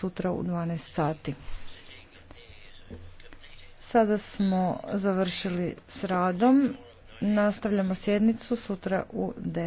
sutra u 12 sati. Sada smo završili s radom. Nastavljamo sjednicu sutra u 9.